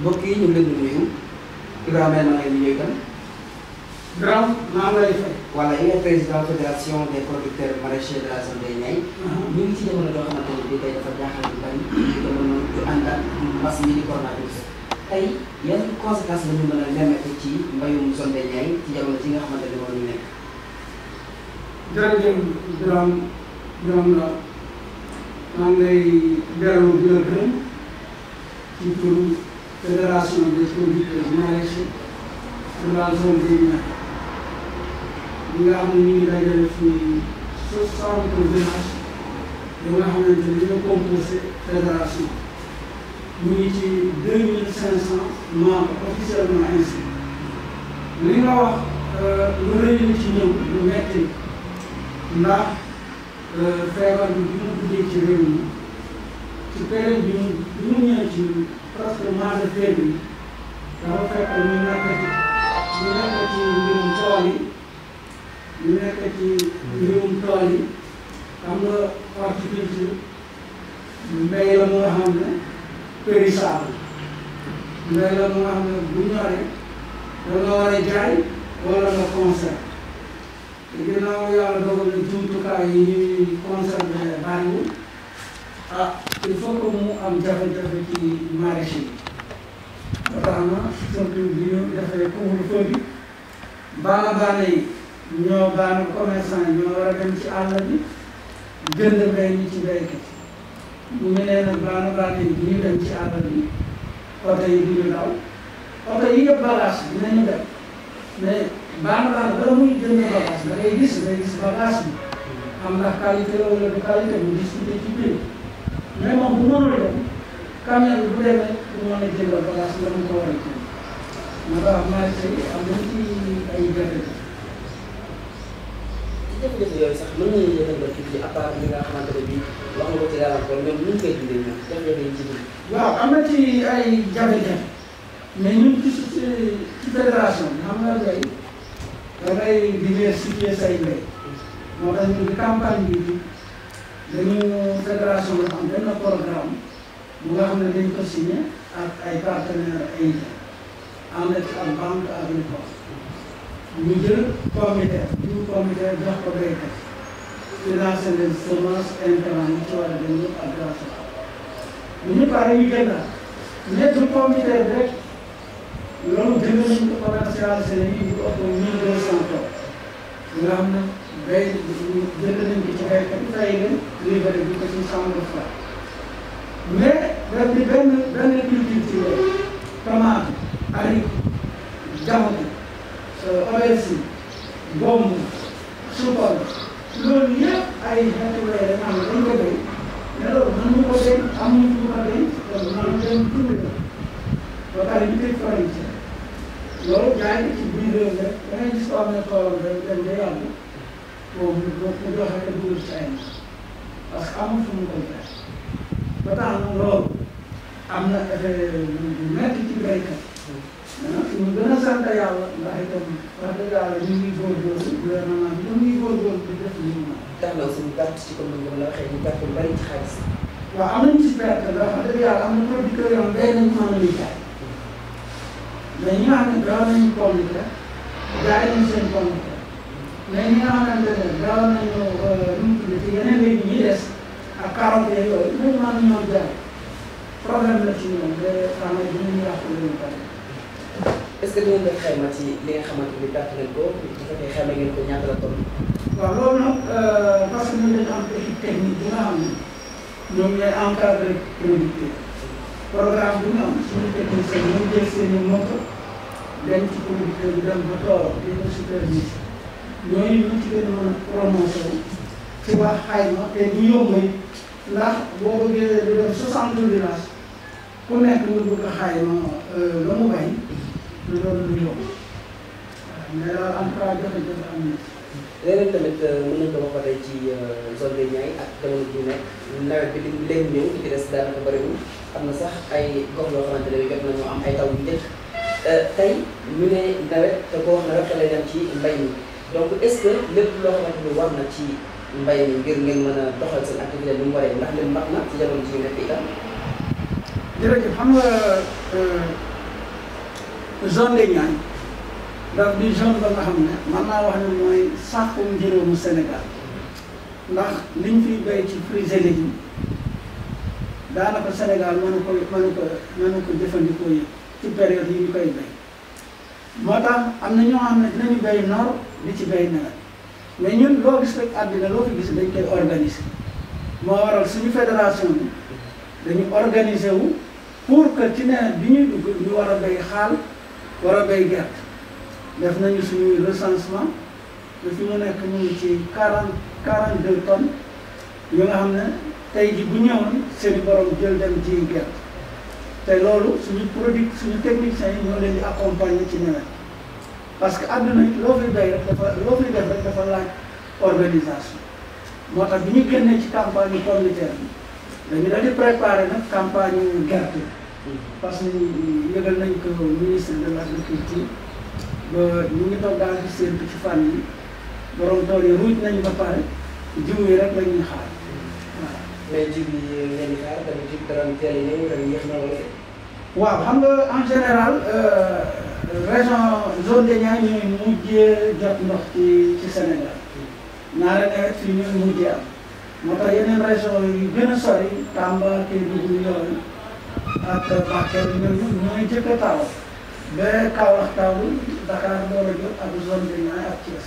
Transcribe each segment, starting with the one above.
mbokk yi ñu ngi leen di nuyu Gram, maa ngi nuyu kan. Birame maa ngi lay fay. voilà yow yaay président fédération des producteurs maraîchers de la zone des Niayes. Uh-huh. ñu ngi ci jamono joo xamante ne bii tey dafa jaaxal ñu bari. ñu demoon nañu ñu ànd ak mbas mi di coronavirus. tey yan gram, la ñu mën gram, nemmeeku ci mbayum zone des Niayes ci jamono ji nga xamante ne moom la ñu nekk. jërëjëf Birame Birame la maa ngi lay gërëm di la gërëm ci turu. Federação das Convidas Mais, Federação de Ligar Unida Grafim Social de Convidas, eu realmente o compus Federação. Uniti 2500 membres officiellement ainsi. li nga wax lu rëy la ci ñëw lu metti ndax feebar bi bi mu duggee ci réew mi ci période bi ñun bi ñu ñëwee ci presque mois de février dafa fekk ñu nekk ci ñu nekk ci mbirum tool yi ñu nekk ci mbirum tool yi xam nga horticulture mbéy la mu nga xam ne périssable mbéy la mu nga xam ne bu ñoree da nga war a jaay wala nga conserver te ginnaaw yàlla dogal na jumtukaay yi ñuy conserver bariwul ah il faut que mu am jafe-jafe ci maraîcher bi ba tax na surtout bi ñu defee couvre-feu bi baana baana yi ñoo baana commerçant yi ñoo war a dem ci àll bi jënd mbay ñi ci béykat ñu nee nag baana baana yi ñu dem ci àll bi oto yi du ñu daw oto yi yëpp bagage dinañu dem mais baana baana bala muy jënd bagage da ngay gis da ngay gis bagage bi am ndax qualité la wala du qualité mu discuter ci prix wóorul la camion bi bu demee du mën a jëndal bagage la mu ko war a jënd moo tax marché yi am nañ ci ay jafe-jafe. jafe-jafe yooyu sax mën nañu yëngal ba tuuti à part li nga xamante ne bii wax nga ko ci yàlla kon même ñu ngi koy dundee ñoom jafe-jafe yi ci am na ci ay jafe-jafe mais ñun ci ci fédération bi xam nga mbay dangay diversifier say mbay dañu fédération bi am benn programme bu nga xam ne dañ ko signé ak ay partenaires ay ànd ci ak banque agricole ñu jël comité ñu comité jox ko béykat financé leen semence intrant yi ci war a jënd ak grâce bu ñu pare ñu gënnaat ñett comité rek loolu gën nañu ko commercialisé yi di ko ëpp 1200 tonnes nga xam ne where journalism is capitalized deliver education sound of life. Mais vers les bennes culturelles, Tamar, Ari, Djamati, Oesi, Bomb, Supol, loolu yëpp ay xeetu weer am dañ ko béy mais loolu mën nga ko béy amuñ ko ko béy loolu mën nga leen tudd la ba pare ñu tëj frontière loolu yaa ngi ci biir réew rek da ngay gis ko am ne toolam rek dem day yàgg boobu boo ko joxee te dugal ci ay parce que amul fu mu koy def ba tax na loolu am na effet bu métti ci béykat. dana fi mu gën a sant yàlla ndax itam wax dëgg yàlla ñu ngi góorgóorlu gouvernement bi ñu ngi góorgóorlu di def li mu mën. daanaka suñu gàtt ci commune bi la waxee ñu gàtt lu bari ci xaalis. waaw am nañu ci perte ndax wax dëgg yàlla am na producteurs yoo xam béy nañu mën a jaay mais ñi nga xam ne daw nañu pomme de terre jaay nañu seen pomme ñi nga xamante ne gaaw nañu euh, nu mu tudd ci yeneen réew yi ñuy des ak carotte yeeg yooyu ñun man ñoo jaay problème la ci ñoom ba xam ne dinañu yàq lu bari. est-ce que dinañ def xayma ci li nga xamante ni perte ngeen ko bu fekkee xayma ngeen ko ñaata la toll. waaw loolu nag euh, parce que ñun dañu am équipe technique bi nga xam ne ñoom ñooy encadré producteur programme bu ñu am suñu technicien ñoom jël seen i moto dem ci producteur bi dem ba toog di ko superviser. ñooñu ñu ci gën a mën a prononcé wu ci wax xayma te du yomb ndax boo bëggee di def soixante villages ku nekk nga bëgg a xayma euh, la mu bañ lu doon lu yomb mais loolu en tout cas jafe-jafe am na ci. leneen tamit euh, mën nañu ko waxatee ci euh, zone des Niayes ak jamono bi nekk nawet bi di léegi ñëw ci des daanaka bëriwul am na sax ay gox yoo xamante ne jot nañu am ay taw yu njëkk tey ñu ne nawet te boo xam ne rek lay dem ci mbay mi. donc est ce que lépp loo xamante ni na ci mbay mi ngir ngeen mën a doxal seen activité bi mu waree ndax leen mat na ci jamono ji nekk itam. jërëjëf xam nga euh, zone des Niayes daf di zone ba nga xam ne mën naa wax ne mooy sàkkum njëriñu Sénégal ndax liñ fiy bay ci fruits et légumes daanaka Sénégal mënu ko mënu ko mënu ko jëfandikoo yi ci période yi ñu koy béy. moo tax am na ñoo xam ne dinañu béy noor di ci béy nawet mais ñu loo gis rek àddina loo fi gis dañ koy organiser moo waral suñu fédération bi dañu organiser wu pour que ci nawet bi ñuy dugg ñu war a béy xaal war a béy gerte def nañu suñuy recensement dafi mu nekk ñu ngi ci quarante quarante deux tonnes yu nga xam ne tey ji bu ñëwoon seen borom jël dem ji gerte te loolu suñu produit suñu techniciens yi ñoo leen di accompagner ci nawet parce que àdduna loo fi bay rek dafa loo fi dafa laaj organisation moo tax bi ñu génnee ci campagne yu pomme de terre bi di préparer nag campagne gerte parce que yëgal nañ ministre de l' agriculture ba ñu ngi toog daal di séntu ci fànn yi borom tool yi ruuj nañ ba pare jiw yi rek la xaar. mais ji bi ngeen di xaar dana ji dara teel a ñëw dana yéex na wala. waaw xam nga en général euh, région zone de Niayes ñooy mujjee jot ndox ci ci Sénégal hmm. ñaare nawet fii ñooy mujjee am moo tax yeneen région yu gën a sori Tamba Kédougou yooyu ak Bakel ñooñu ñooy jëkk a taw ba Kaolack tawul Dakar door a jot ak zone de Niayes ak Thiès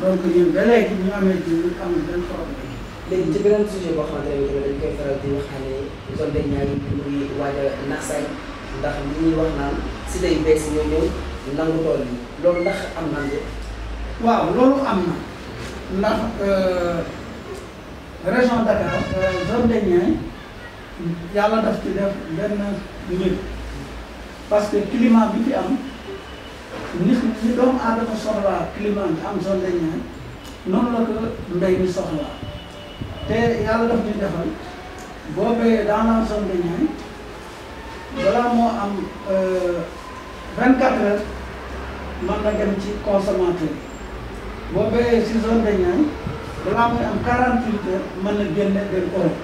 donc ñun ba léegi ñu amee jiw amul benn problème. léegi ci beneen sujet boo xamante ne bii dañ koy faral di wax ne zone des Niayes bi muy waaj a naxsaay ndax li ñuy wax naan si day bees ñoo ñëw nangu tool yi loolu am na njëkk. waaw loolu am na euh, euh, am nit ñi doomu aadama soxlaa la ko mbéy mi soxlaa. te yàlla daf ñu defal boo béyee dans la zone de am euh, vingt quatre heures na dem ci consommateur boo béyee si zone am quarante huit heures mën dem Europe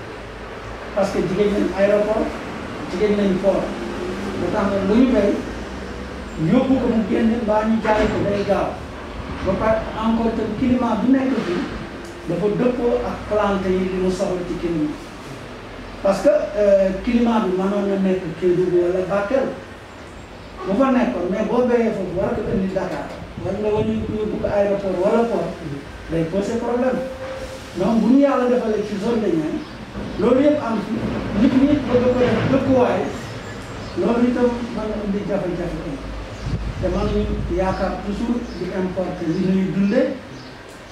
parce que jigéen nañ aéroport jigéen nañ port ba tax na lu ñu béy yóbbu ko mu génne mbaa ñu jaay ko day dafa dëppoo ak plante yi li mu soxla ci climat parce que euh, climat bi mënoon na nekk Kédougou wala Bakel bu fa nekkoon mais boo béyee foofu war a ko indi Dakar wala nga wàññi yóbbu ko aéroport wala port day poser problème donc bu ñu yàlla defalee ci zone de Niayes loolu yëpp am fi nit ñi bëgg ko def dëkkuwaay loolu itam mën na indi jafe-jafe te man yaakaar toujours di importer li ñuy dundee.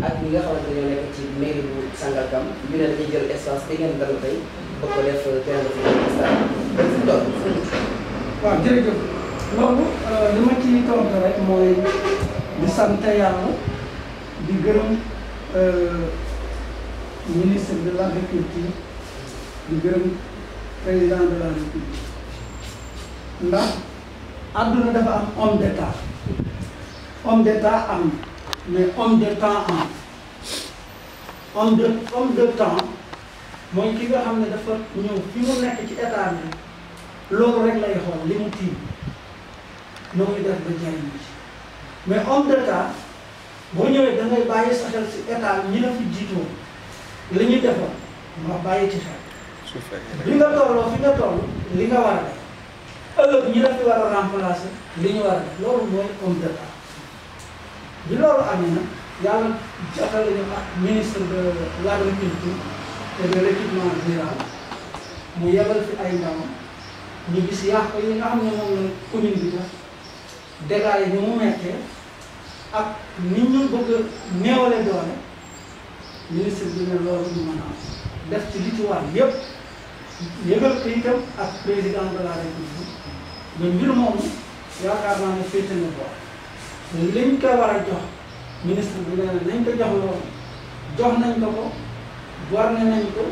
ak ñi nga xamante ne nekk ci mairie bu Sangalkam ñu ne dañuy jël espace bi ngeen dara tey ba ko def terrain de football stade ba fi toll. waaw jërëjëf loolu euh, li ma ciy tontu rek mooy di sant yàlla di gërëm euh, ministre de l' agriculture di gërëm président de la république ndax àdduna dafa am homme d' état am. mais homme de temps en homme de mooy ki nga xam ne dafa ñëw fi mu nekk ci état bi loolu rek lay xool li mu tiim na muy def ba jariñu ci mais homme de temps boo ñëwee da ngay bàyyi sa xel si état ñi la fi jiitoo li ñu defoon nga bàyyi ci xel li nga tolloo fi nga toll li nga war a def ëllëg ñi la fi war a remplacer li ñu war a loolu mooy homme de bi loolu amee nag yàlla jotal nañu ak ministre la l' agriculture et de l' équipement rural mu yebal fi ay ndawam ñu gis yàq yi nga ne moom la commune bi def dégâts yi ni mu ak ni ñu bëgg a néewale doole ministre bi ne loolu ñu mën a am def ci li ci war yépp yëgal ko itam ak président de la république mais mbir moomu yaakaar naa ne féete na boor linkawara jox ministre bi nee na nañ ko jox loolu jox nañ ko ko war ne nañ ko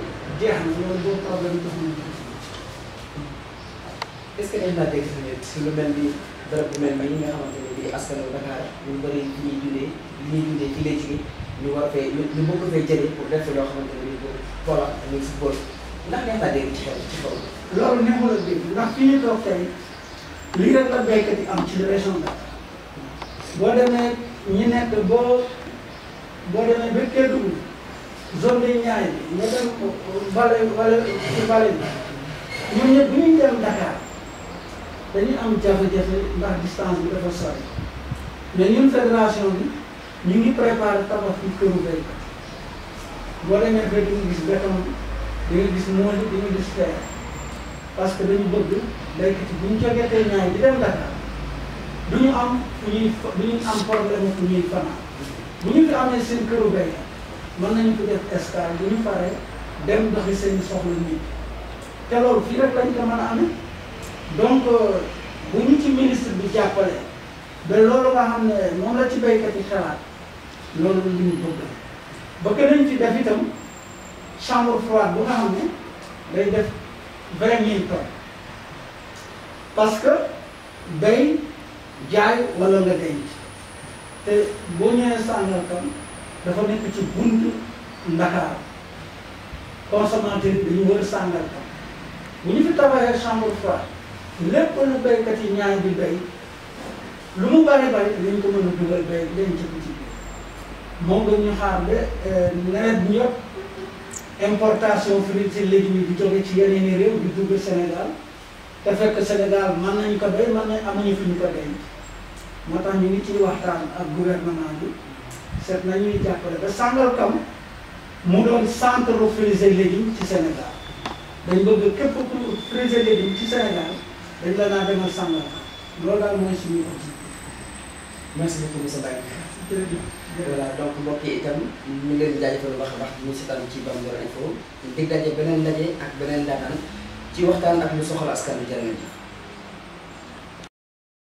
jeex na loolu boobu problème jox nañ ko est ce que dañ laa dégg si lu mel ni bërëb bu mel ni yi nga xamante ne bii askanu Dakar ñu bëri li ñuy jullee li ñuy jullee ci léegi ñu war fee ñu bëgg fee jëlee pour def loo xamante ne bii boobu voilà dañuy si bool ndax dañ laa dégg ci xel ci xol. loolu neexul a dégg ndax fi ñu toog tey lii rek la béykat yi am ci région Dakar. boo demee ñi nekk boo boo demee ba Kédougou zone de Niayes nga dem vallée vallée ci vallée bi ñun dem Dakar dañuy am jafe-jafe ndax distance bi dafa sori mais ñun fédération bi ñu ngi préparé tabax fi këru béykat boo demee ba gis béton bi di gis mool bi di nga gis fer parce que dañu bëgg béykat yi bu ñu dem Dakar. du ñu am fu ñuy ñu am problème fu ñuy fanaan bu ñu fi amee seen këru béy mën nañu ko def escale bu ñu paree dem doxi seen soxla nit te loolu fii rek lañ ko mën a amee donc euh, bu ñu ci ministre bi jàppale ba loolu nga xam ne moom la ci béykat ba que nañ ci def itam chambre froide bu nga xam def vingt mille tonnes parce que bay jaay wala nga denc te boo ñëwee Sangalkam dafa nekk ci bunt Ndakaar consommateur yi dañu wër Sangalkam bu ñu fi tabaxee chambre froide lépp lu béykat yi ñaar bi béy lu mu bari bari dañ ko mën a dugal béy denc ko ci biir moom la ñu xaar ba euh, nawet bi yëpp importation fruits et légumes yi di jóge ci yeneen i réew di Sénégal. te fekk Sénégal mën nañu ko béy man nañ amuñu fi ñu ko denc motax ñu ngi ci waxtaan ak gouvernement bi set nañu jappale ba kam mu doon centre lu fruits ci senegal dañ bëgg képp ku fruits et ci senegal dañ la naa demal Sangalkam loolu daal mooy suñu objectif. merci beaucoup monsieur Mbaye. jërëjëf. voilà donc mbokk yi itam ñu ngi leen di jaajëfal wax wax ñu si ci Bambilor Info dig daje beneen ndaje ak beneen daanaan. ci waxtaan ak lu soxla askan bi jariñu